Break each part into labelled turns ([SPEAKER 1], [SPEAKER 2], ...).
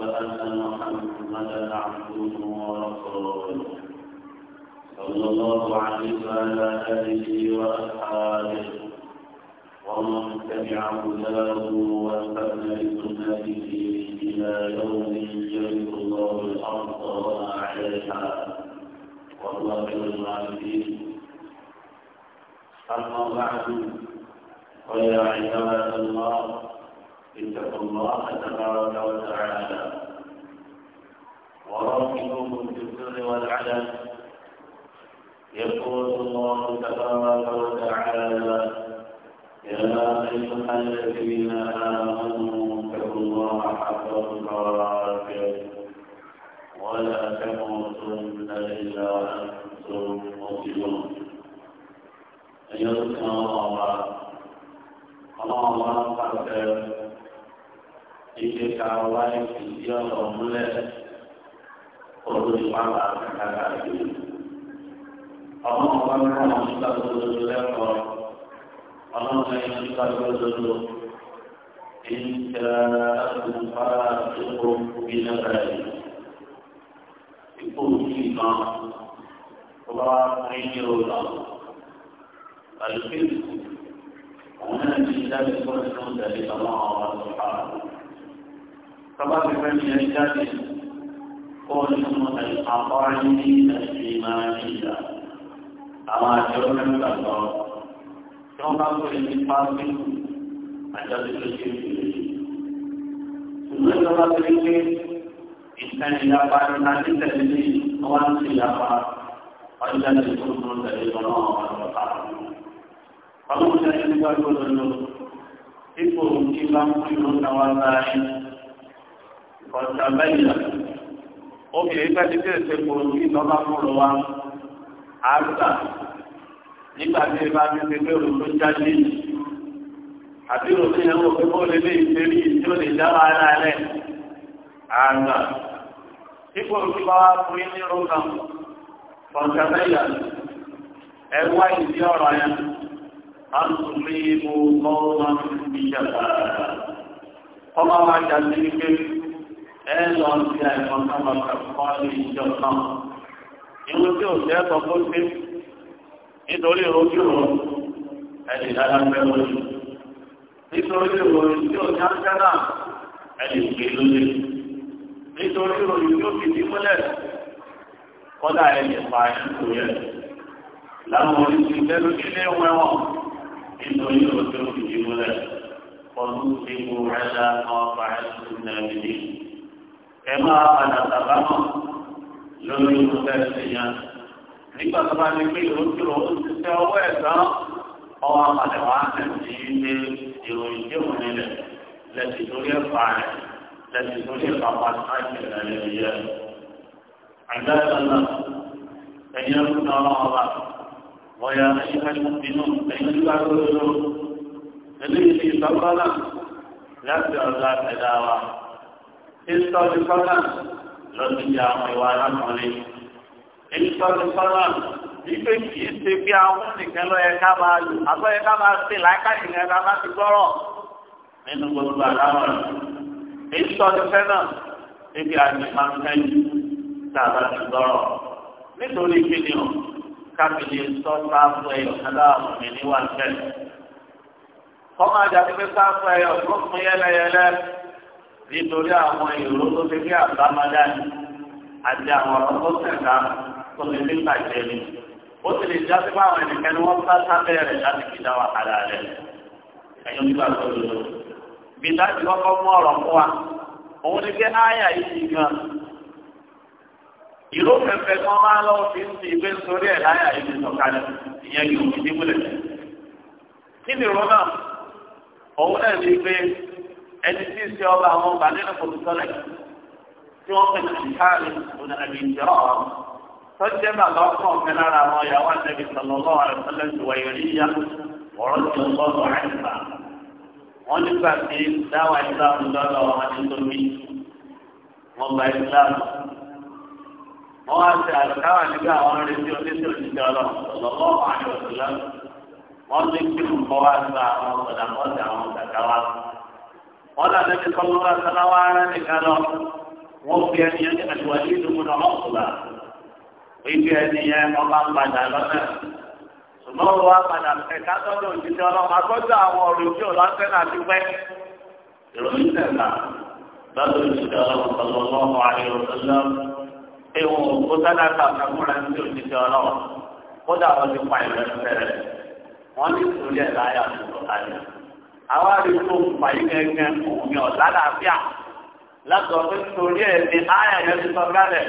[SPEAKER 1] وأن محمدا عبده ورسوله صلى الله عليه وعلى آله وأصحابه ومن تبع هداه واستنى لسنته إلى يوم يرث الله الأرض وما عليها والله خير العالمين أما بعد فيا عباد الله اتقوا الله تبارك وتعالى وراقبوه في السر والعلن يقول الله تبارك وتعالى يا ايها الذين امنوا اتقوا الله حق تقاته ولا تموتن الا انتم مسلمون ايها الله الله الله ilé ká wáyé fìdí ọ̀rọ̀ múlẹ̀ olùdíwà bá kàkàkà yìí. ọmọ ọba náà wọn nígbà tó lójú lẹ́kọ̀ọ́ ọlọ́run ẹ̀yìn nígbà tó lójú ìjà ìfúnpá tó kó bí lẹ́kọ̀ọ́ yìí. ikú yìí kan tó bá fún yín ó lọ. àlùfíìsì òun náà ti dábìí fún ìdúró tẹ̀lé ọlọ́run ọba tó fà á. فبعد من يجتهد قول الأقارين الإيمانية أما جرم الله ثم نقول الإنفاق أجل الشرك سنة الله تلك إنسان إلى بعد ما تتلقي وأن سيافا أجل الكفر تلقنا وأن فلو كان يقول له ipò ìlànà ìlú náwó láàrin ọ̀sà mẹ́yà obìnrin bá ti tẹ̀ ṣe kò ní ìtọ́lá fúnra wa àgbà nígbà tí ìbá mi ti gbé òun tó jáde àbí òun yẹn wò pé ó lè lè ṣeré tí ó lè dára ara rẹ̀ àgbà ipò òun bá wá fún yín ní rọ́gà ọ̀sà mẹ́yà ẹ wá ìdí ọ̀rọ̀ yẹn a ń ẹ lọ sí àìsàn sábà kọ́ ní ìjọ náà ìwé tí ò jẹ́ sọ fún sí nítorí ojú ọ̀ ẹ̀dì dára fẹ́ lójú nítorí ìròyìn tí ò ní ángẹ́là ẹ̀dì gbé lójú nítorí ìròyìn tí ó fi ti múlẹ̀ kọ́dà ẹ̀dì pa ẹ̀kú yẹ láwọn oríṣi ìtẹ́lú ilé wẹ́wọ̀n nítorí ìròyìn tí ó fi ẹ máa padà sàbámọ̀ lórí ìmúṣẹ́ ìṣèyàn nígbà tó bá ní pé ìlú dúró ó ti tẹ ọwọ́ ẹ̀ tán ọwọ́ apàdé wa ẹ̀ sí ilé ìròyìn tí òun nílẹ̀ lẹ́sìn torí ẹ̀ pa rẹ̀ lẹ́sìn torí ẹ̀ pa pàṣẹ ìṣẹ̀lẹ̀ rẹ̀ yẹ. àgbà ìṣẹ̀lẹ̀ ẹ̀yẹ ń tọ́ ọba wọ́yà ẹ̀yẹ nínú ẹ̀yẹ nígbà tó lọ́wọ́ eléyìí ti ìtọ́jú kọ́lá lọ́dún yà àwọn ìwà alákùnrin ìtọ́jú kọ́lá ìgbé kìí ṣe bí àwọn nìkan lọ́yẹ ká máa lò àgbọ̀yẹ ká máa ṣe láìkáyì nìkan ká máa ti gbọ́rọ̀ nínú gbogbo àdáwọ̀ rẹ̀ ìtọ́jú fẹ́nà níbi àmì pàǹkẹ́yì tá a bá ti gbọ́rọ̀ nítorí kíni o kábìlì sọ́ta fún ẹ̀yọ̀ kálá àwọn ènìyàn wà ń bẹ̀ sáfù ẹ̀yọ̀ tó nítorí àwọn ìró tó ti fi àbámadá ni àti àwọn ọ̀rọ̀ tó sẹ̀ka tó ti fi bàjẹ́ ni. ó sì lè já sí fáwọn ẹnìkan ni wọ́n bá sábẹ́ rẹ̀ láti fi dá wàhálà rẹ̀. ẹ̀yin nígbà tó lò ó. bí láti kọ́kọ́ mú ọ̀rọ̀ fún wa òun ni pé áyà yìí gan. ìró pẹpẹ kan máa lọ fi ń ti ìgbé sórí ẹ̀ láyà yìí sọ̀kalẹ̀ ìyẹn yóò fi dín múlẹ̀. kí ni ìró náà? òun náà ní pé ẹni tí ń ṣe ọba àwọn ọba nílẹ̀ kò sọ́lẹ̀ tí wọ́n fẹ́ ṣìkáàlì ọ̀nà àbíjọ́ tọ́jẹ́ bàbá ọkàn fẹ́ lára àwọn ìyàwó àtẹ̀bí sọ̀lọ́lọ́ àrẹ̀sọ́lẹ̀ ìwà ìrìyà ọ̀rọ̀ tí ó ń bọ́ lọ àìsà wọ́n nígbà tí dáwà ìsìláàmù lọ́dọ̀ wọn ti tó mi wọ́n gba ìsìláàmù wọ́n wá sí àlùkáwà nígbà ninu oníṣẹ́ òṣìṣẹ́ ọlọ́ọ̀lọ́ọ̀ àìsàn wọ́n ti kí fe lara awon dáwà iyawo atebi ti aresole yori tómi oro ti o n bo sí àwọn ọ̀dàkọ́ta àwọn ọ̀dàkọ́ta قال النبي صلى الله عليه وسلم وانا كان وفي ان يكون الوليد من عقبه وفي ان يكون قد لنا ṣùgbọ́n wa padà ẹ̀ka tọ́lọ̀ òjijì ọlọ́run akọ́jọ́ àwọn ọ̀rọ̀ òjì ọ̀làṣẹ́ náà ti pẹ́. ìròyìn tẹ̀lá lọ́dọ̀ òjijì ọlọ́run tọ́lọ̀ lọ́wọ́ àyẹ̀wò lọ́lọ́ ewu kó sádà kàkà múra ní òjijì ọlọ́run kódà wọ́n ti pa ìrẹsì àwọn àdìgbò fàyí gẹ́gẹ́ òun yàn lálàáfíà látọ̀ pé nítorí ẹ̀ ní àyà yẹn ti sọ gálẹ̀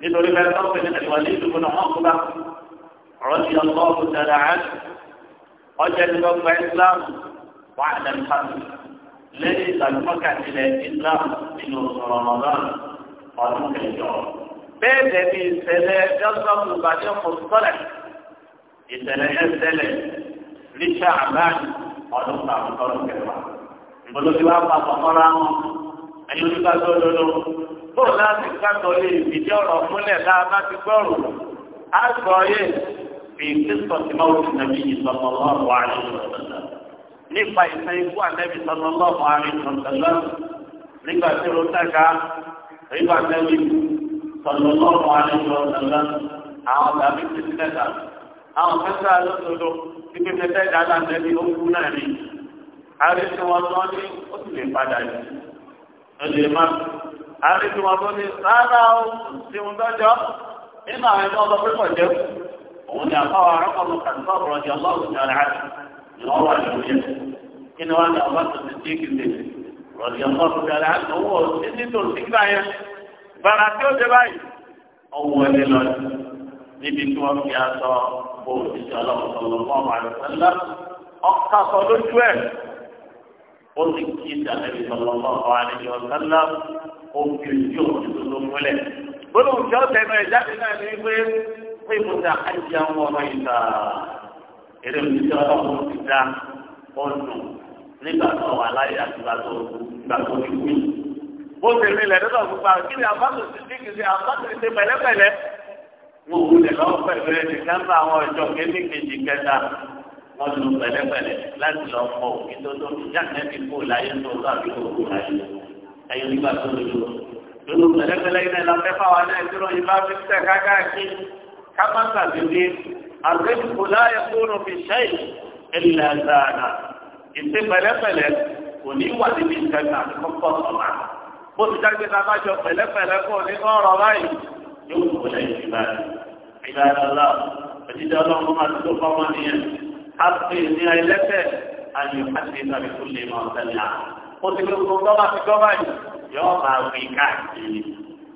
[SPEAKER 1] nítorí bẹ́ẹ̀ tó pé nítorí wọn ní ìdúgbò náà wọ́n kú bá ọ̀rọ̀ ti yàn lọ́ọ̀bù dáadáa ẹ̀ ọjà ní gbọ́gbà Islam wà á dàn fàmì lẹ́yìn ìgbàlùmọ́kà tilẹ̀ Islam ọdún kan àbúkọ ọdún kẹwàá ìbọlódé wa pa àpapọ̀ra wọn ẹni onígbà tó lolo bóò láti kátó lè fìdí ọ̀rọ̀ múlẹ̀ dáadáa ti gbọ́rù á sọ yé fi kristo ti máa wọ́n nàbí ìsọ̀tọ̀ lọ́wọ́ àárín ìsọ̀tọ̀lá nípa ìsàn ikú ànẹ́bí sọ̀tọ̀ lọ́wọ́ àárín ìsọ̀tọ̀lá nígbà tí ó tẹ̀ka nígbà tẹ̀lé sọ̀tọ̀ lọ́wọ́ àárín ìsọ̀tọ̀lá àwọn tàbí kìrìsìtẹ́tà àwọn kẹta lọ́dọọdọ tí pé mẹ́ta ìdáná nẹ́bí ó kú náà ni àárẹ̀ tí wọ́n tán ní ó sì lè padà yìí lọ́dọ̀ ẹ̀ má àárẹ̀ tí wọ́n tán ní rárá ó ti ń dọ́jọ́ nínú àwọn ẹgbẹ́ ọlọ́ pípọ̀ jẹ́ òun ni àpáwọ̀ arákùnrin kàtúkọ̀ ọ̀rọ̀ di ọlọ́run ní ọ̀rẹ́ àti ni wọ́n wà lórí ẹ̀ kí ni wọ́n ní ọba tó ti dé kìí rọ̀dì ọlọ́run ní ọ̀rẹ́ àti níbi tí wọ́n fi aṣọ bó òṣìṣẹ́ ọlọ́run sọ̀rọ̀ fún ọmọ àlọ́ sẹ́lá ọkà sọ lójú ẹ̀ ó sì kí ìdánilẹ́bí sọ̀rọ̀ fún ọmọ àlọ́ sẹ́lá ó fi ojú òun tó tó múlẹ̀. bólú ìjọ tẹnu ẹ̀ jáde náà ní pé pé mo ta àìjẹ àwọn ọmọ ìta eré òṣìṣẹ́ ọlọ́run ti dá ọ̀nù nígbà tó wà láyé àtìgbà tó tó ní kú. bó ṣe rí ilẹ̀ wọn kò lè lọ pẹ̀lú ẹni káńtà àwọn ọjọ́ kébí kejì kẹta wọn lu pẹ̀lẹ́pẹ̀lẹ́ láti lọ fọ òfin tó tó jáde ti kó láyé tó tó àbí tó kó láyé ẹyin nígbà tó lè lò lólu pẹ̀lẹ́pẹ̀lẹ́ yìí náà lọfẹ fáwọn náà dúró yìí bá fi tẹ kákàkiri kámásà bìbí àgbẹ̀kù láyé kúrò fi ṣẹ́yìn ẹ̀lẹ́ àdáàdà ìṣe pẹ̀lẹ́pẹ̀lẹ́ kò ní wà níbi ìkẹta kọ́kọ́ sọ̀rọ̀ bó ti dágbé náà má jọ pẹ̀lẹ́pẹ̀lẹ́ kò ní ọ̀rọ̀ báyìí yóò kó lẹ́yìn ìbáyìí. عباد الله فجد الله ما تدفع منيا حق من علته أن يحدث بكل ما سمع قلت لكم طبعا في قبل يوم أغيكاتي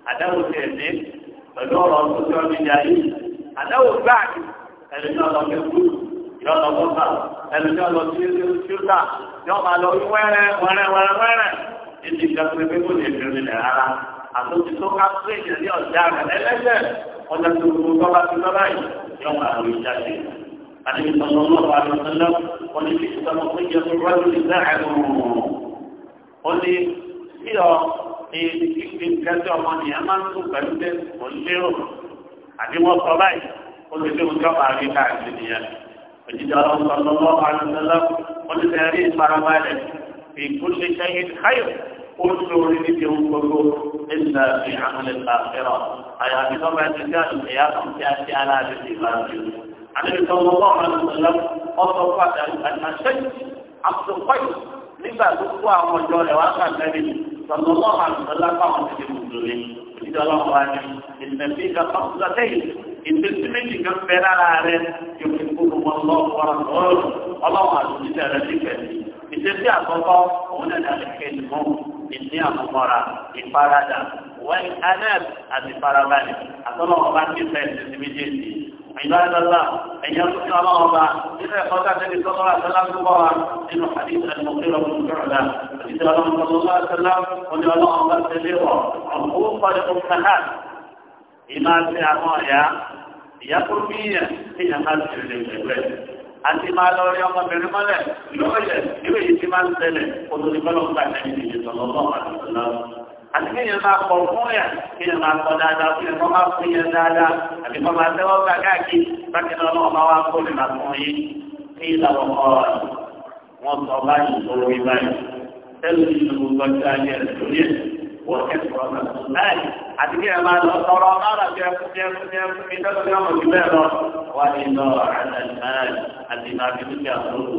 [SPEAKER 1] أدو سيدي فدور أنفسه من جاهل أدو بعد ẹlẹ́jọ́ lọ sí kú yọ lọ bọ́ta ẹlẹ́jọ́ lọ sí ṣúta yọ máa lọ rí wẹ́rẹ́ wẹ́rẹ́ wẹ́rẹ́ wẹ́rẹ́ ètò ìjọba pé kò lè fi rìn rẹ̀ rárá àtúntò ká ọjà tó gbogbo bábá ti bábá yìí yọ máa lò jáde. Àdébí sọ̀rọ̀ lọ́wọ́ àlùsọ́lá wọn ni fífi sọ̀rọ̀ fún ìjẹ́ fún rọ́ọ̀lù ìgbà àrùn. Ó ní kí ọ èyí ti kẹ́sí ọmọ nìyẹn máa ń tún pẹ̀lú pé kò lérò. Àbí wọ́n sọ báyìí, ó ti dé ojú ọ̀pá àrí káàkiri nìyẹn. Òjijì ọlọ́run sọ̀rọ̀ lọ́wọ́ wọn ni fẹ́ẹ́ rí ìfarabalẹ̀ fi kúlé كل ربك ينظر إلا في عمل الآخرة أي في طبع الإنسان القيامة تأتي على ذكر النبي صلى الله عليه وسلم أصبح أن الشيء عبد القيس nígbà tó kó àwọn ọjọ́ rẹ̀ wá kàtẹ́rì sọ̀tọ̀ lọ́wọ́ àtúntàlá káwọn ti di mùsùlùmí ìjọ lọ́wọ́ wa ni ìtẹ̀sí ìka kọ́kúta sẹ́yìn ìtẹ̀sí méjì kan fẹ́ rárá rẹ̀ yóò fi kó gbogbo ọlọ́wọ́ wa sọ̀rọ̀ ọlọ́wọ́ àtúntì rẹ̀ ti fẹ̀ ìtẹ̀sí àkọ́kọ́ òun náà dàbí kẹ́lì mọ́ ìní àmúmọ́ra ìfaradà wọ́n anẹ́l àti farabalẹ̀ àtọ́nà ọba ti fẹ́ ẹ̀sìn méjèèjì. عباد الله أن يرسل الله إذا قال النبي صلى الله عليه وسلم الله إنه حديث المغيرة بن شعبة حديث الله صلى الله عليه وسلم وأن الله مبتدئه عقوق لأمهات إما في عطايا يقول فيه في أمانة الإنسان àti máa lọ rí ọmọbìnrin mọ́lẹ̀ lóòyẹ̀ níbi èyí tí máa ń tẹ̀lẹ̀ olùdíkọ́lọ́ ń gbàgbé ní ìdíje lọ́wọ́ àdúgbò àti kí ni máa kọ fún yà kí ni máa kọ dáadáa kí ni wọ́n máa fún yẹn dáadáa àti kọ́ máa tẹ́wọ́ gbà káàkiri bákan náà wọ́n máa wá kó lè máa fún yín kí ìlànà kọ́ wọn sọ báyìí lórí báyìí tẹ́lẹ̀ ìlú gbọ́dọ̀ wọ́n kẹ́kọ̀ọ́ náà. Ẹ àti kí ẹ máa lọ tọrọ ọ̀nà jẹ fún jẹ fún jẹ fún mi tọ́jú ní ọmọ ìbílẹ̀ lọ. Wà ní lọ àtàlùmáàlì àti ìlànà ìdíje àtúntò.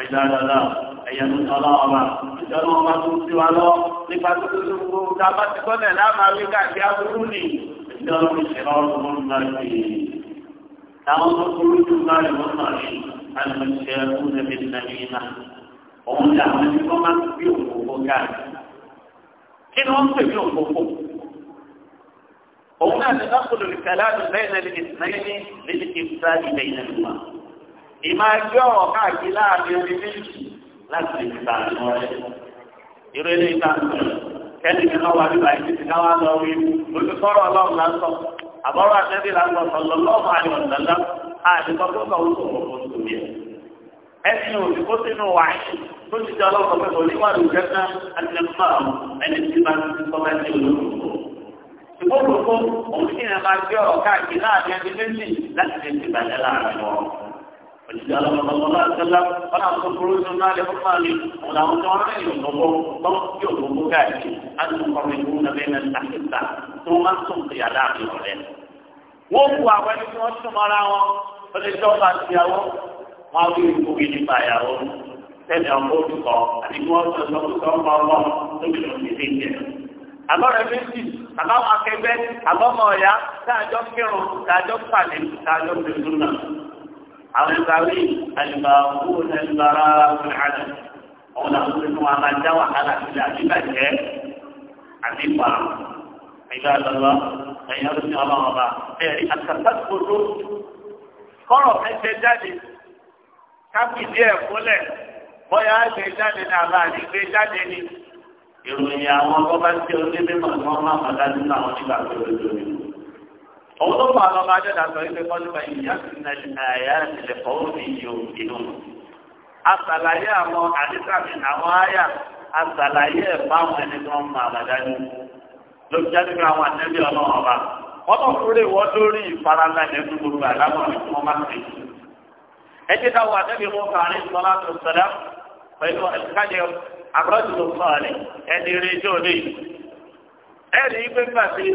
[SPEAKER 1] Ọjọ́ àdọ́lá ẹ̀yẹ Ìjọba ti gbọ́dẹ̀ láàmú káàkiri kí ni wọ́n pè ní òfófó òun náà ti dákòlò ní kàláàdù bẹ́ẹ̀ ní ìsìnlẹ́ni níbi ìfúta ilẹ̀ ilẹ̀ ìgbà ìmọ̀ ẹgbẹ́ ọ̀ká àti láàrin orí méjì láti lè gbà ní ọ̀rẹ́ irú ilé ìta kẹ́ni ní wọ́n wà nígbà yìí ti káwá lọ rí olùkọ́rọ̀ ọlọ́run lásán àbọ̀rọ̀ àtẹ́bí lásán sọ̀lọ́ lọ́ọ̀mù àyọ̀ ọ̀dàlá àti kọ́kọ́ ẹsìn òsì kó sínú wáyé tó ti jẹ́ ọlọ́pàá pẹ̀lú oníwàlú jẹ́ká àtẹnumọ́ ẹni tí máa ti kọ́mẹ́ sí olóògbò. Ìgbó gbogbo òun sì rẹ̀ máa gbé ọ̀rọ̀ káàkiri láàrin ẹni méjì láti lè ti bàjẹ́ láàrin wọn. Òjijì ọlọ́pàá lọ́la ṣẹlá wọn àwọn tó burú tó náà lè fún máa ní òun làwọn tó rẹ̀ yóò gbogbo tó yóò gbogbo káàkiri láti kọ́ mi kú nàbẹ́ náà tàkìtà tó máa tún ìyá láàrin ọ̀rẹ́. Wọ́n kú àwọn ẹni tí wọ́n tún mọ́ra wọn, ó lè jọ́ wọ́n á wíwí fún mi nípa ìyàwó tẹ̀lé ọmọ olùkọ́ àti bí wọ́n sọ lọ́kùtọ́ ọmọ ọmọ lóbi lọ sí ilé ìjẹ. àbọ̀rẹ̀ méjì àbáwọn akẹgbẹ́ àbọ̀mọ̀ ọ̀yá táàjọ́ kírun táàjọ́ pàdé táàjọ́ tuntun náà. àwọn ìgbàwí àlùbáwò ẹ̀lùbára fúnìhàdà ọ̀hún àwọn tuntun wọn máa wàhálà sílẹ̀ àti bàjẹ́ àti pa ìgbà lọ́lọ́ ẹ̀yìn ọdún ọlọ́run ọba ẹ̀rí àtàkùn kọ́rọ̀ ẹ̀jẹ̀ jáde kápìlì ẹ̀ kúnlẹ̀ bóyá àgbè jáde ní àbá àdìgbé jáde ní. ìròyìn àwọn ọba tí onímọ̀ ni wọ́n máa padà nínú àwọn nígbà tó lójú mi. òun ló fà lọ́ba àjọ̀dá sọ wípé kọ́lùbà ìyá nàìjíríà tilẹ̀ fọwọ́ mi yóò inú. àṣàlàyé àwọn àdìsàmì àwọn àyà àṣàlàyé ẹ̀ fáwọn ẹni tó ń mọ àbàdájú. ló fi jáde pé àwọn àtẹ́bí ẹtí ta wà sẹ́bi mú kàní sọlá tó sọlá pẹ̀lú ẹ̀kájẹ àbúrọ́sì tó sọ àlẹ́ ẹni rí ijó ní. ẹ rí i pé nígbà tí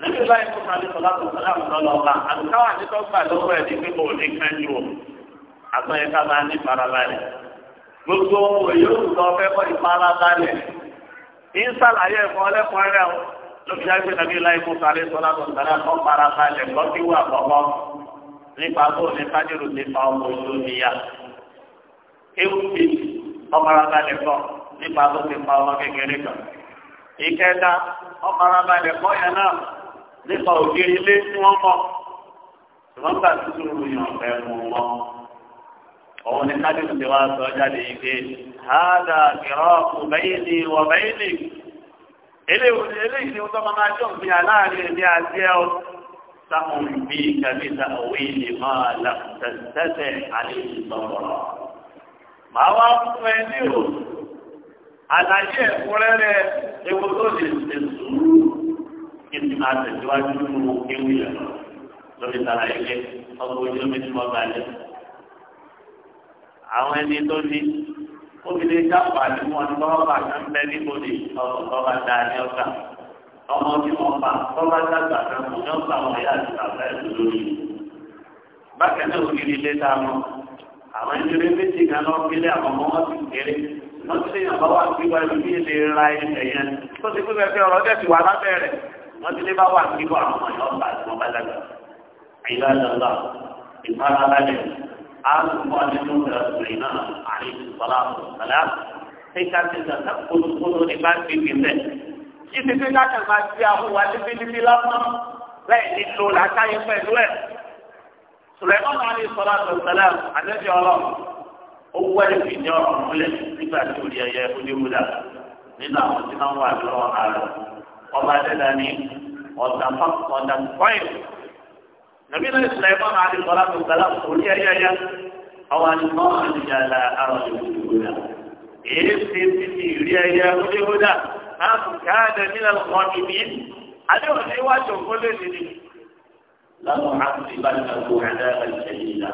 [SPEAKER 1] níbi báyìí mú kàní sọlá tó sọlá lọ́lọ́ ọba àtúntàwà ní tó gbà lọ́wọ́ ẹ̀ ní pé kò ní kánjú o àtúnyẹ ká máa ní farabalẹ̀. gbogbo yóò sọ fẹ́ kọ́ ìfarabalẹ̀ ní sàlàyé ẹ̀kọ́ ọlẹ́kùn rẹ̀ lóbi jáde nàbí láì mú kàní sọlá tó sọlá kọ́ nípa tó ní fájúrò nípa ọmọ ìlú níyà ewu ti ọmọlábalẹ̀ nípa tó ti ọmọ kékeré kan ìkẹta ọmọlábalẹ̀ kọ yẹn náà nípa ògiri ilé tí wọ́n mọ̀ wọ́n gbà tuntun yàn fẹ́ mú wọn òun ni fájúrò ti wá sọ jáde hádà kìrọ ọbẹ̀yìnì ọbẹ̀yìnì eléyìí ni wọ́n tọ́ máa jọ̀ ń àti ẹ̀ سأنبيك بتأويل ما لم تستطع عليه صبرا ما وقفنيه àlàyé ẹ̀kúnrẹ́rẹ́ ewu tó lè ṣe sùúrù kí n máa tẹ̀síwájú nínú ewu yẹn lórí tara ilé ọgbọ ojú mi tí mo bá lé. àwọn ẹni tó ní obìnrin dábàá ni wọn ní wọn bá kàn bẹ níbo ni ọkọ bá dáa ní ọgbà ọmọ tí wọ́n pa tọ́ba dàgbà kan kò ní ọ̀pá wọn yá àti bàbá ẹ̀ lórí. bákan náà ògiri ilé tá a mọ àwọn ìdílé méjì kan lọ gbélé àwọn ọmọ wọn sì kéré wọ́n ti lèyàn bá wà nígbà ibi ilé ra ilẹ̀ yẹn tó ti kú bẹ́ẹ̀ ọ̀rọ̀ tẹ̀sí wà lábẹ́ rẹ̀ wọ́n ti lè bá wà nígbà àwọn ọmọ yẹn ọ̀pá àti wọn bá dàgbà. ìlà ìlànà ìfara balẹ̀ àlùkò àdínú ìrìn náà àríkù sọlá sọlá ìṣe pé látàn máa ti àwọn wà níbi lásán láì nílò làákàyè pẹ̀lú ẹ̀. Sùlẹ̀mọ́n náà ní sọ́lá tó sẹ́lẹ̀ àdéjì ọlọ́ owó ẹ̀ fi ní ọ̀rọ̀ múlẹ̀ nígbà tí ó di ẹyẹ onímúdà nínú àwọn tí wọ́n wà lọ́wọ́ ààrẹ. Ọba Adéda ní ọ̀dà ọ̀dà pọ́ìn. Nàbí náà Sùlẹ̀mọ́n náà ní sọ́lá tó sẹ́lẹ̀ orí ẹyẹ yẹ. Àwọn àdìmọ́ àdìyàlà àrùn ìwúdà. Èyí ti àmùkáàdé nílẹ̀ lọ́ọ̀dì mi àdéhùn ní wájú òkú lónìí ni. lọ́wọ́ àti ìbáraẹni kò rẹ̀ ẹ̀ṣẹ̀ yìí la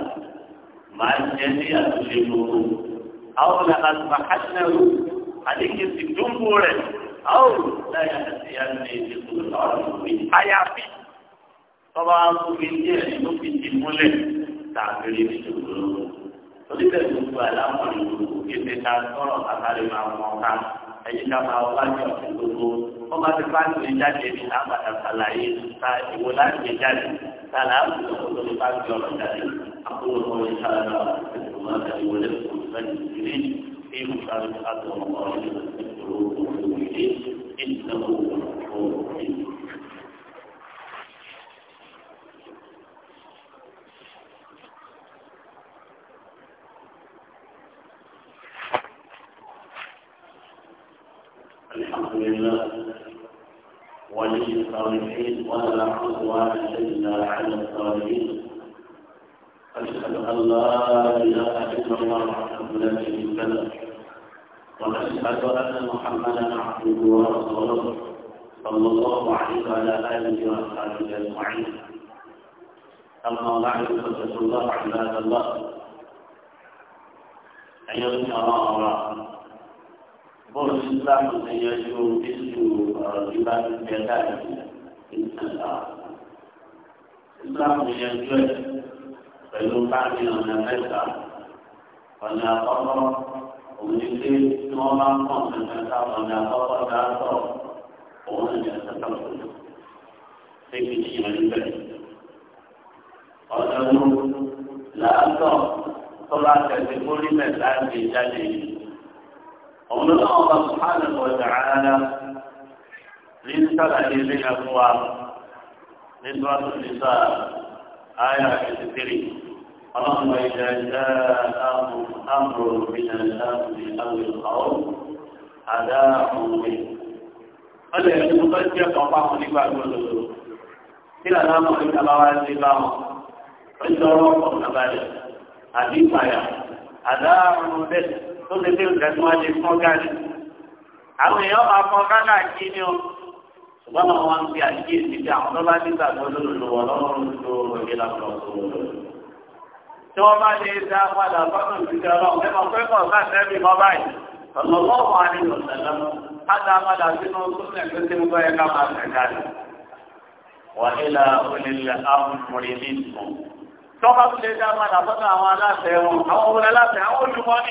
[SPEAKER 1] máa ń jẹ́ ní àtúnṣe gbogbo. àwọn làkàtúmà hàṣẹ́rù àdéhùn ti dúnbò rẹ̀ àwọn láyà àti àmì ìdìbò lọ́ọ̀dì mi. àyàfi tọ́ba akókè díẹ̀ ló fi ti múlẹ̀ tàbí ìdìbò lọ́wọ́ ẹ̀yìn ká máa wá ní ọ̀sẹ̀ gbogbo wọ́n máa ti bá gbé jáde ní àbàtà sàlàyé ta ìwò láti gbé jáde ta là á fi ọ̀sẹ̀ tó lè bá gbé ọ̀rọ̀ jáde àkókò tó lè sára الحمد لله ولي الصالحين ولا عدوان إلا على الصالحين أشهد أن لا إله إلا الله وحده لا شريك له وأشهد أن محمدا عبده ورسوله صلى الله عليه وعلى آله وصحبه أجمعين أما بعد فاتقوا الله عباد الله أيها الكرام bọ́ọ̀lù islam ti yanjú iṣu ọ̀rọ̀ tí bá ti bẹ káàkiri ìsìnlá. islam yanjú ẹ̀ pẹ̀lú káàkiri ọ̀nà mẹ́ta ọ̀nà àkọ́kọ́ òun ni pé tí wọ́n bá ń pọ̀ nǹkan ká ọ̀nà àkọ́kọ́ dáàtọ̀ òun ni ẹ̀sẹ̀ kan kò lò. ṣé kìí bẹ́ẹ̀? ọ̀nà wo làátọ̀ tó bá tẹ̀sí kórìmẹ̀ láti jáde yìí. أن الله سبحانه وتعالى رسل إليه أقوال نسوة النساء آية الكريم اللهم إذا جاء أمر من الأمر أو القول أداهم به Ale ẹ̀sùn tó jẹ́ ọ̀pá fún إلى gbogbo tí a náà mọ̀ ní kàbáwá sí láwọ̀, ọjọ́ tó lè lé ìdájọ́ wọn lè fọ́n gáàdì. àwọn èèyàn máa fọ́n gáàdà kí ni o ṣùgbọ́n náà wọ́n ń fi àkíyèsí bí àwọn tó bá nígbà tó lòlò wọ́n lọ́rùn tó ìlà kan tó lòlò. tí wọ́n bá lè dá padà fọ́nà ìdíje ọlọ́run ẹ̀mọ́ pé kọ̀ sáà tẹ́lẹ̀ mọ́ báyìí ọ̀nàmọ́wọ́ àdìyàn sẹ̀lẹ̀ mọ́ ádá padà sínú súnlẹ̀ tó ti ń gbọ́ ẹ̀ká máa tẹ̀ka rẹ̀. wà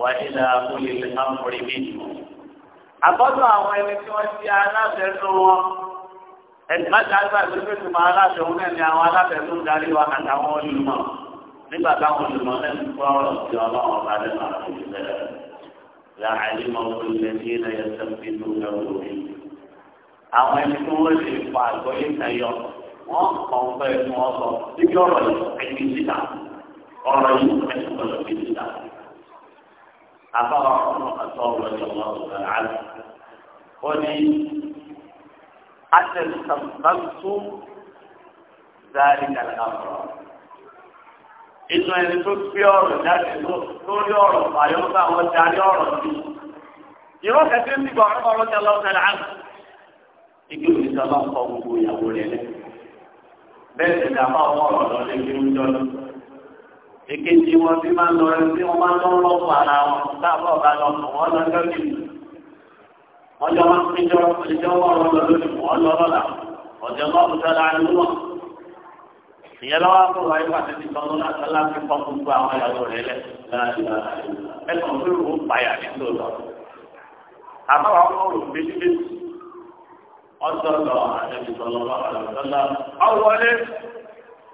[SPEAKER 1] wà nílà olè lẹ́mọ̀rì méjì. àkọ́tọ̀ àwọn ẹni tí wọ́n ti aláṣẹ tó wọn ẹ̀dùnmáṣá gbàgbé pé tó máa aláṣẹ òun náà ni àwọn aláṣẹ tó ń darí wa àtàwọn olùmọ̀ nígbà táwọn olùmọ̀ náà ń gbọ́ ọ̀rọ̀ sí ọlọ́run ọba lẹ́nu àti ìbẹ̀rẹ̀ làálímọ̀ olùlẹ̀dí náà yẹ sẹ́ńtì tó ń lọ lórí. àwọn ẹni tí wọ́n lè fa àgbọ́yé kan wọ́n kàn fẹ́ fún ọ àbáwá fún àtọ́wò lọ́jọ́ ọlọ́run náà àlè. ó ní àtẹ̀sàbàtú dárí kàlẹ́ àbúrò. inú ẹni tó gbé ọ̀rọ̀ jáde lórí ọ̀rọ̀ àyọ̀ bá wọn darí ọ̀rọ̀ sí. ìró kẹsí ń dìbò ọ̀rọ̀ ọ̀rọ̀ jẹ́ lọ́sẹ̀ láàbù. igi òní sọ lọ́kọ̀ gbogbo ìyàwó rẹ̀ lẹ́ bẹ́ẹ̀ sì ni àbáwọ̀ ọ̀rọ̀ lọ́lẹ́ èkejì wọn bí máa ń lọ ẹni tí wọn máa ń lọ lọ́pọ̀ ara wọn láàbọ̀ ọ̀gá lọ sùn wọn lọ jọ́ kìí
[SPEAKER 2] wọn jọ máa ń péjọ ìjọ wọn lọ lọ lórí wọn lọ lọ́la
[SPEAKER 1] ọ̀jọ̀ náà kò sọ́dọ̀ àánú wọn. ìyẹn lọ́wọ́ kó wáyé wà níbi tọ́lú láti láti kọ́ gbogbo àwọn ìyàwó rẹ̀ lẹ̀ ẹ̀sán fún ìwò payà nílò lọ. àbáwá wọn rò bíbí ọ̀sọ̀ọ̀sọ̀ àti ìtọ́lọ́wọ́ àlọ́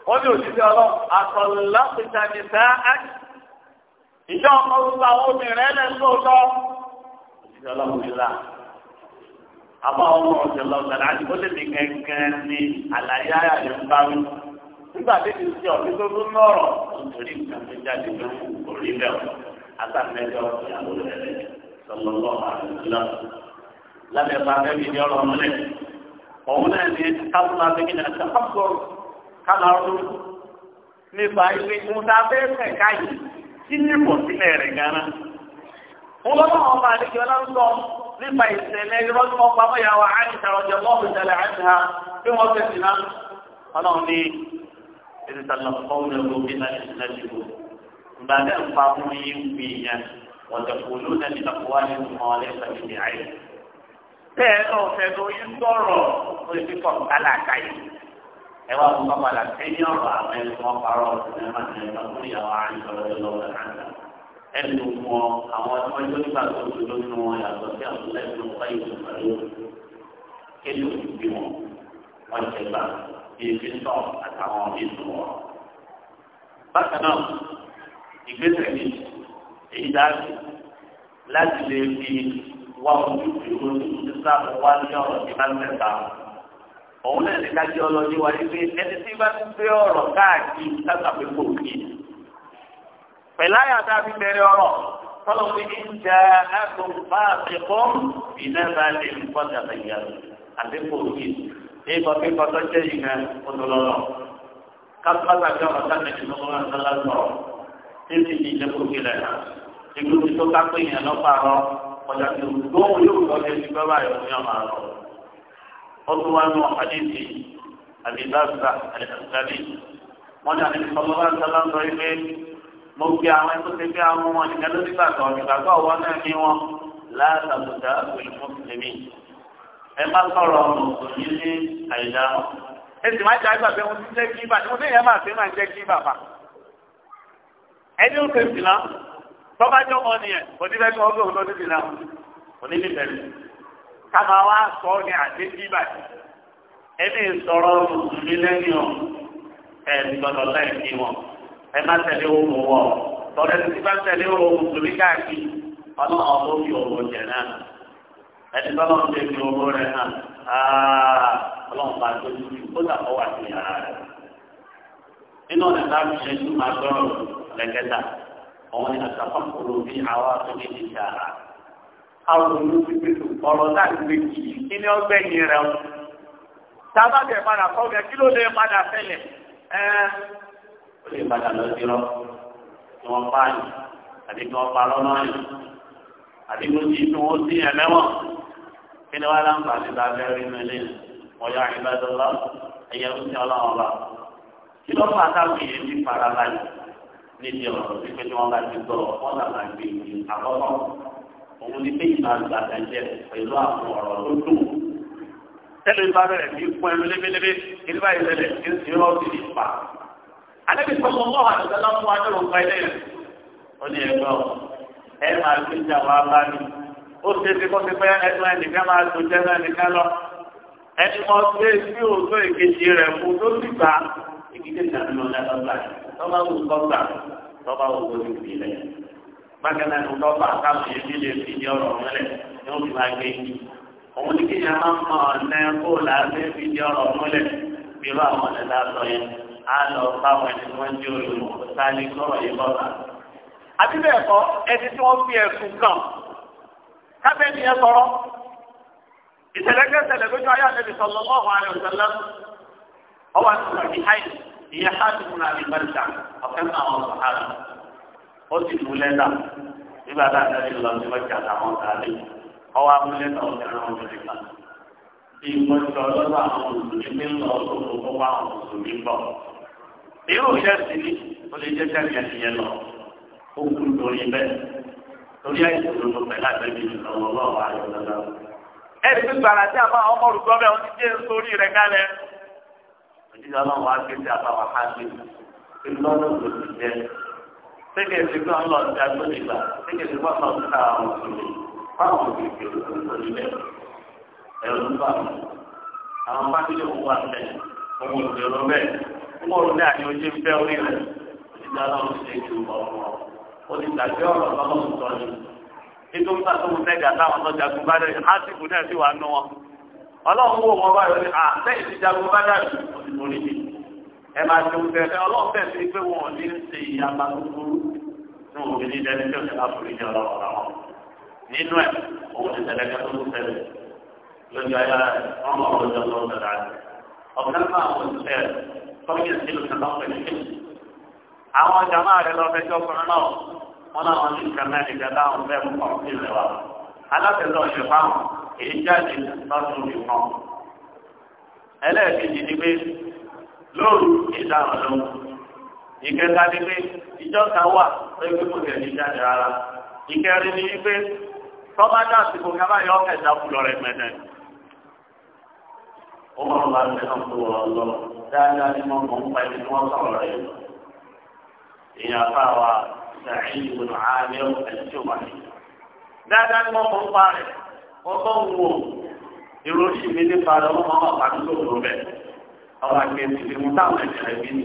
[SPEAKER 1] wọ́n ní òṣìṣẹ́ ọlọ́ àtọ̀lọ́pìtàmìtà ákì ìjọ ọmọ orúkọ àwọn obìnrin ẹlẹ́sọ̀tọ̀ òṣìṣẹ́ ọlọ́mọdéla àbá ọmọ ọ̀sẹ̀ lọ́sẹ̀lá àti ó lè ní kankan ní àlàyé ayà lè ń bá wí nígbà tí kì í ṣe ọ̀sẹ̀ tó tún lọ́rọ̀ nítorí nǹkan tó jáde ló orí bẹ́ẹ̀ àtàmẹ́jọ ìyàwó rẹ̀ sọlọ́lọ́ àdúgbò lábẹ́ kálá ọdún nípa ilé ìmúta fẹ́ẹ́fẹ́ káyì tí ní ìmọ̀sílẹ̀ rẹ̀ gánà. wọ́n lọ́wọ́ àwọn ọmọ àdéjọ láńsọ nípa ìṣẹ̀lẹ̀ irọ́ tí wọ́n pamọ́ ìyàwó àìsà ọjọ́ mọ́ọ̀lù tẹ̀lé àìsà bí wọ́n fẹ́ sí náà. ọlọ́run ní ètò ìtàlọ́ fọ́ọ̀mù ẹ̀rọ bí náà ti náà ti wò. ìgbà náà ń pa fún yín wí yẹn wọ́n tẹ̀ kó ní àkọ́wá ẹ wá fún bàbá la ẹni ọ̀rọ̀ àwọn ẹni wọn parọ́ ẹ má ti ẹ̀ka fún ìyàwó àárín sọ̀rọ̀ ẹ lọ́wọ́ àná ẹni wọn àwọn tí wọn lórí bá tó tó lórí wọn yàtọ̀ sí àwọn lẹ́nu báyìí tó pẹ̀lú kéde òkú bí wọn wọn ti gbà èyí sọ àtàwọn ètò wọn. bákan náà ìgbésẹ̀ mi èyí dájú láti lè fi wá ojú ìròyìn nígbà wọn òun náà nìkan jẹ́ ọlọ́dún wa ní pé ẹni tí bá ti gbé ọ̀rọ̀ káàkiri látàgbé kò kí. pẹ̀lú àyà tá a fi bẹ̀rẹ̀ ọ̀rọ̀ tọ́lọ́ pé ní ìjà àgọ́ bá a ti kọ́ ìdá bá a lè ń kọ́ dàgbà yà àti kò kí. ní ìbọn pé kọ́tọ́ jẹ́ ìgbà ọ̀dọ́lọ́lọ́ kápákà jọ ọ̀tá mẹ́tì lọ́wọ́ ọ̀dọ́lá sọ̀rọ̀ títí ní ìjẹ́ kò kí lẹ̀ náà. ìgbìmọ̀ tó ká pé ìyẹn lọ́ olùwànú àdìsí àbíbáṣà àdìsàbí wọn ní àdìsí ọlọ́wọ́ àtàlà ń sọ wípé mo gbé àwọn ẹgbẹ́ tó gbé àwọn ọmọ nìkan ló ti gbàgbọ́ ìgbàgbọ́ ọwọ́ náà ní wọn látàbùdá pẹ̀lú mùsùlùmí ẹ má sọ̀rọ̀ mùsùlùmí ní àìdá wọn. ẹ sì má jẹ́ àgbà pé mo ti jẹ́ kí bàbá mo tẹ́yẹ̀ máa fẹ́ máa jẹ́ kí bàbá. ẹni ó fẹ́ sìnà tọ́bajọ́ mọ́ kábà wá sọ ní àdéjì bàtí ẹni sọ̀rọ̀ mùsùlùmí lẹ́yìn ọ̀ ẹ̀ gbọ́dọ̀ lẹ́yìn kí wọn ẹ má tẹ̀lé ohun wọn tọ́lẹ̀ tí bá tẹ̀lé ohun mùsùlùmí káàkiri ọlọ́run ọ̀bọ fi òwò jẹ̀ náà ẹni tọ́lọ́ ń tẹ̀lé owó rẹ̀ náà ọlọ́run bá tó ti kó dàpọ̀ wà sí ara rẹ̀ nínú ọ̀nà tá a fi ṣe tó máa gbọ́rọ̀ lẹ́kẹ́ta òun ni àtàkùn kúrò bí àwa tó ní ti ṣe ara rẹ̀. àwọn olùdókòtò ọ̀rọ̀ láti lè ọgbẹ́ yìí wọn. tábàtẹ̀ padà kọ́ kí ló lè padà fẹ́lẹ̀ ó lè padà lọ sí lọ kí wọ́n pa àyè àbí kí wọ́n pa lọ́nà àyè àbí kí wọ́n ti tún wọ́n sí ẹ̀mẹ́wọ̀n kí ni wọ́n á láǹfà sí rí mẹ́lẹ́ wọ́n yá ẹ̀yẹ ń ọlọ́run kí ló òun ni pé ìgbà gbàgbà jẹ pẹ̀lú àwọn ọ̀rọ̀ tó dùn. tẹ́lẹ̀ bá bẹ̀rẹ̀ bí fún ẹnu lébélébé kí bá yẹn lẹ̀ kí n sì rọ́ sí ìfà. alẹ́bí sọ́kọ̀ mọ́ àtúntà láwọn adúlọ̀ ń pa ilé rẹ̀. ó ní ẹ̀gbọ́n ẹ máa gbé ìjà wa bá mi. ó ṣe é kó ti pẹ́ ẹnu ẹnìkan máa tó jẹ́ ẹnìkan lọ. ẹni mọ pé sí òótọ́ ìkejì rẹ̀ fún tó sì gbà ìdíje ìdàgbàsókè bákan náà ló lọ́ba àtàwọn yẹn nílé ìdí ọ̀rọ̀ mọ́lẹ̀ ní òbí máa gbé yìí. òun ní kíni a máa mọ ọ̀nà kó làásì ìdí ọ̀rọ̀ mọ́lẹ̀ bí irú àwọn ọ̀nà tá a sọ yẹn á lọ báwọn ẹni tí wọ́n jẹ́ olùmọ̀ sáré sọ̀rọ̀ yìí bọ́ta. àti bẹ́ẹ̀ kọ́ ẹni tí wọ́n fi ẹ̀sùn kàn kábẹ́ẹ̀ni yẹn sọ̀rọ̀ ìṣẹ̀lẹ̀kẹ́sẹ̀lẹ̀ lójú ayé àtẹ̀lẹ̀ sọ̀lọ́ ọ̀hún àrẹ ó sì mú lẹ́tà nígbà tá a tẹ́lẹ̀ lọ sí ọjà àtàwọn tààlé ọwọ́ amúlẹ́tà ọ̀gá àwọn òṣèlú kan bí ìkọ́jọ lọ́dọ̀ àwọn mùsùlùmí ń lọ sóko kó wá àwọn mùsùlùmí bọ̀. irú iṣẹ́ sì ni ó lè jẹ́ sẹ́mi ẹ̀sìn lọ ó kú lórí bẹ́ẹ̀ torí àìsàn ló pẹ̀lú àtẹ́bí ìlọ́wọ́ lọ́wọ́ ayọ̀ lọ́dọ̀. ẹ̀rí gbígbà àti àbá ọmọ olùkọ́ bẹ́ẹ̀ wọ́n ti dé sórí rẹ̀ kálẹ̀. òjijì ọlọ́run wá gbé sí àbáwá hásì ìlọ́dọ̀ ló ti jẹ́ sékè ìdìbò ọlọ ti agbódìgbà sékè ìdìbò ọlọ ti ta àwọn òṣèlú fáwọn òṣèlú òṣèlú lẹ ẹrù ń bà mí àwọn pátìlẹ òkú àtẹ òun òṣèlú bẹ́ẹ̀ ńgbọ òun ní àyè ojú orí rẹ ìdá náà ń ṣe ju ọmọ onígbàgbé ọ̀rọ̀ lọ́wọ́ sọ ni nítorí nígbà tó ń tẹgà táwọn tó jagun bá dẹ hásìkù náà sì wà nù wọn Ọlọ́run wò wọn báyọ ní àtẹyìn ti jagun bá dà ẹ máa ṣe oúnjẹ Ọlọ́run bẹ́ẹ̀ sí pé wọn ò ní ṣe ìyá ní ní ìdẹ́ni tí ti láfùrí ní ọlọ́wọ́ làwọn. nínú ẹ̀ òun ti tẹ̀lé kẹ́kẹ́ tó tẹ̀lé lójú ayé wọn mọ̀ ọ́ lọ́jọ́ lọ́wọ́ tẹ̀lé àti. ọ̀kan náà àwọn òṣìṣẹ́ kọ́míyàn sí lóṣù náà pẹ̀lú kí àwọn ọjà máa rẹ lọ fẹjọ́ ọkùnrin náà wọn náà wọn ní ìkà náà nígbà táwọn fẹ́ mú kọ́ wa alátẹ̀lẹ́ ọ̀ṣẹ̀ fáwọn èyí jáde lọ́sùn ìmọ̀ ẹlẹ́ẹ̀kejì ni pé lóòrù ìdáhùn lóhùn ìkẹta ni pé ìjọta wà lórí kò tẹ̀lé jáde rárá ìkẹrin ni pé tọ́ba dá àsìkò kábà yọ ọ̀kẹ́ta kú lọ rẹ pẹ̀lẹ́. ó máa ń bá ẹgbẹ́ náà tó wọ̀ lọ dáadáa ní wọ́n mọ̀ nípa ẹni wọ́n sọ̀rọ̀ rẹ̀ lọ. èèyàn bá wa sàáyé ìwòrán ààrẹ ẹni tí ó wà ní. dáadáa ní wọ́n mọ̀ nípa rẹ̀ wọ́n bọ́ ń wò ìròyìn mi nípa rẹ̀ wọ́n máa bá a lọ bẹ́ẹ̀. ọba kẹ́mi ìrìnnú táwọn ẹ̀jẹ̀ rẹ̀ bí ní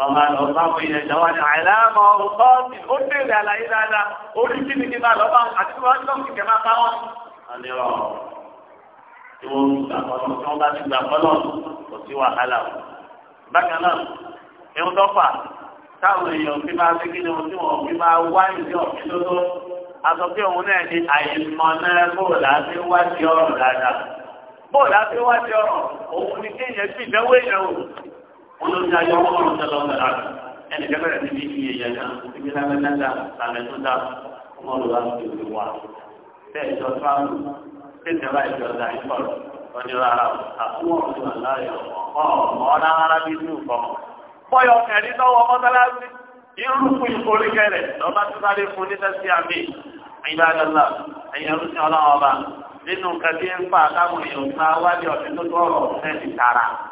[SPEAKER 1] ọmọ àlọ́ bá táwọn èèyàn fi máa fi kíni ohun tí wọn fi máa wá ìdí ọ̀fìn lọ́dọ́ aṣọ pé òun náà ni àìmọ̀ náà bóòlù àti wájú ọ̀rọ̀ dáadáa bóòlù àti wájú ọ̀rọ̀ òun ni kéèyàn olórí ayé ọwọ́ ọ̀run tẹ́lẹ̀ ọ̀run tẹ́lẹ̀ ẹnì kẹfẹ́rẹ́ ti fi iye yẹn náà ibi lábẹ́ náà làmẹ́ tó dá ọmọ olùwà ti fi wá bẹ́ẹ̀ ìjọ sáàmù tètè bá ìjọ dá ìfọ̀ ọdún rárá o àkúwọ̀ ọdún aláyọ̀ ọmọ ọ̀rá rárá bí inú kọ́ bọ́yọ̀ kẹ̀rí lọ́wọ́ mọ́tálásí irúkú ìforíkẹ́rẹ̀ lọ́ba ti sáré fún ní tẹ́sí àmì ìbádọ́lá ẹ̀yẹ rúṣin ọlọ́wọ́ bá nínú kẹ́kẹ́ ń fà táwọn èèyàn ń ta wájú ọ̀sẹ̀ tó tọrọ ọ̀sẹ̀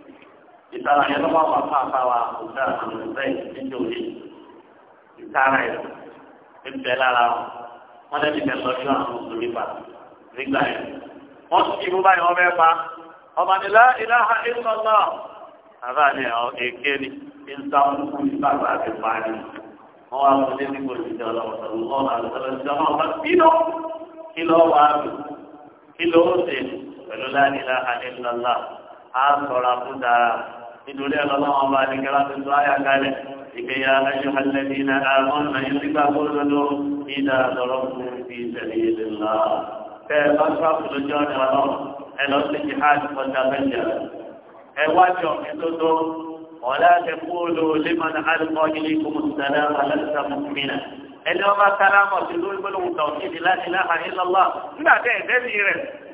[SPEAKER 1] ìtara yẹn lọ́wọ́ wà fún àfáwà òṣà àwọn ọ̀sẹ̀ níjẹ́ òní ìtara yẹn ń lára wọn lẹ́nu ìbẹ̀ lọ́jọ́ àwọn òṣèlú pa nígbà yẹn wọ́n ti mú báyìí wọ́n fẹ́ pa ọba nílá ìlàhà ìsọ̀lá àbá ni ọ èké ni ìta fún ìbára àti parí wọn wá wọn lé nígbò ìjọ lọ́wọ́ sọ̀rọ̀ wọn wà lọ́wọ́ sọ̀rọ̀ wọn bá kíló kíló á sọ̀rọ̀ àbúdára nítorí ọlọ́wọ́n bá ní kẹ́lá tó tó áyà kalẹ̀ ìgbéyà aṣọ́hálẹ́dì iná àwọn ọ̀nàyàn nígbà gbọ́dọ̀ ìdá àtọ̀rọ̀ fún fi ìṣẹ̀lẹ̀ ilẹ̀ ńlá. bẹ́ẹ̀ bá sáàpù lójú ọ̀nà ọlọ́run ẹ lọ sí jihad kọjá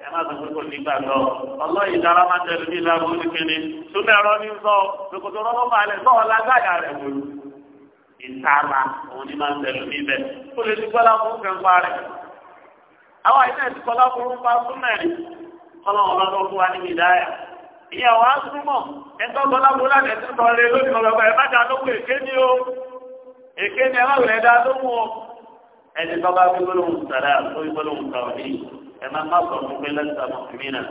[SPEAKER 1] ẹ má sọ pé kò ní gbàgbọ́ ọlọ́ ìdára má tẹ̀lé ní ìlànà oníkele súnmọ́ ẹ̀rọ ní sọ ṣòkòtò rọ́bọ́ balẹ̀ sọ ọ̀làgbàdà rẹ̀ wò lù. ìtara òun ni máa ń tẹ̀lé ní ibẹ̀ ó lè ti gbọ́lá fún kẹ́ńpá rẹ̀. àwọn àìsàn ìti kọ́lá fún pa súnmọ́ ẹ̀rí bá tó wa ní ìdáyà. ìyá wa súnmọ́ ẹ ẹ̀ma má sọ fún pé lẹ́sà mọ̀mìnà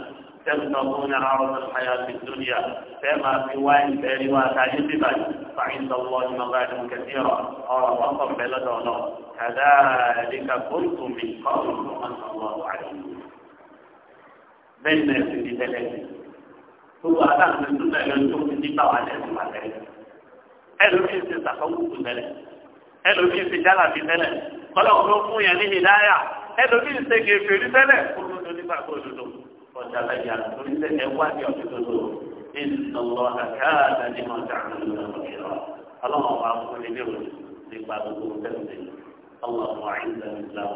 [SPEAKER 1] tẹ́sán fún ní àrùn àyà ti dúnìyà tẹ́ máa fi wá ìfẹ́rí wá àtàyè bíbà fàyín lọ́wọ́ ní màgá ìdùn kẹsíọ̀ ọ̀rọ̀ wọn kọ̀ fẹ́ lọ́dọ̀ náà kàdá àdìkà bóńtù mi kọ́ ọ̀rọ̀ wọn sọ̀rọ̀ wáyé. bẹ́ẹ̀ ni ẹ̀sìn ti tẹ́lẹ̀ gbogbo àtàkùn tó tẹ̀lé tó ti ní báwa lẹ́sìn wà tẹ́lẹ̀ ẹlòmíín ẹlòmí ń ṣe kèfè rí tẹ́lẹ̀ olódò nípa olódò ọjà láyé àtúntò nílẹ̀ ẹ wá ní ọdún tó lò ìnà lọ àkáàdà ní ọjà àwọn ọmọ akọni ní òní nípa gbogbo tẹ́lẹ̀ اللهم أعز الإسلام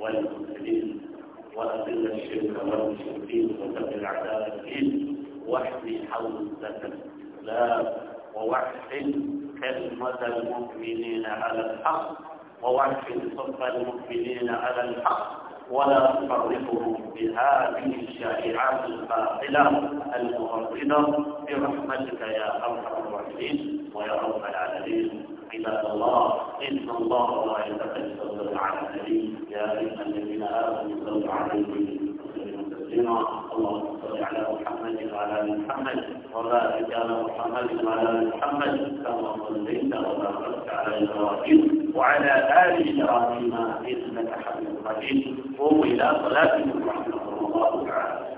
[SPEAKER 1] والمسلمين وأذل الشرك والمشركين ودمر أعداء الدين واحمي حوزة الإسلام ووحد كلمة المؤمنين على الحق ووحد صف المؤمنين على الحق ولا تفرقهم بهذه الشائعات الباطلة المغرضة برحمتك يا أرحم الراحمين ويا رب العالمين عباد الله إن الله لا يتكلم عن النبي يا أيها الذين آمنوا صلوا عليه كثيرا اللهم صل على محمد وعلى ال محمد وبارك على محمد وعلى ال محمد كما صليت وباركت على ابراهيم وعلى ال ابراهيم انك حميد مجيد قوموا الى صلاتكم رحمه الله تعالى